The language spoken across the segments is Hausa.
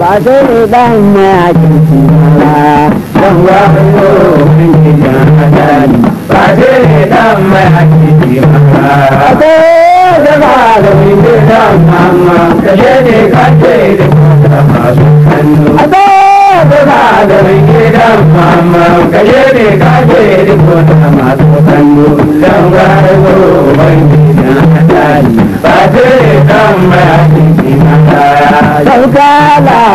ba sai ne dan ya kirki ba a wa yo min kidan ba sai ne dan kirki ba ko da ba da min kidan amma kaje ne kaje da ba su kanu ko da ba da min kidan amma kaje ne kaje da ba su kanu dan wa yo min kidan ba sai ne dan kirki ba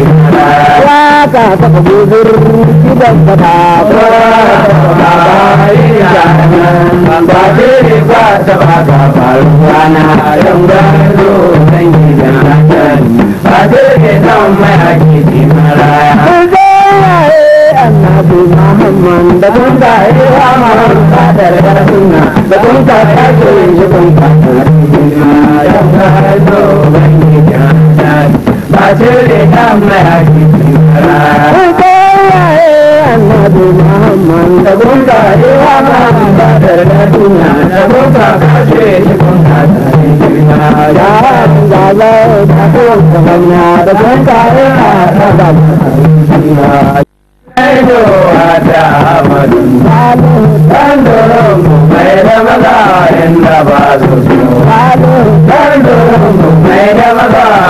waka ta gobir kidan fata ba ba ya ba ba ce ba ta ba ga balwana yan gado dan gidan nan ba ce dan mai hakiki mara annabi muhammad da kun da ya amara da da sunna da kun da ta ce shi kun ta ya gado dan gidan nan ba ce annabi muhammad da gunga rewa ma ba da mai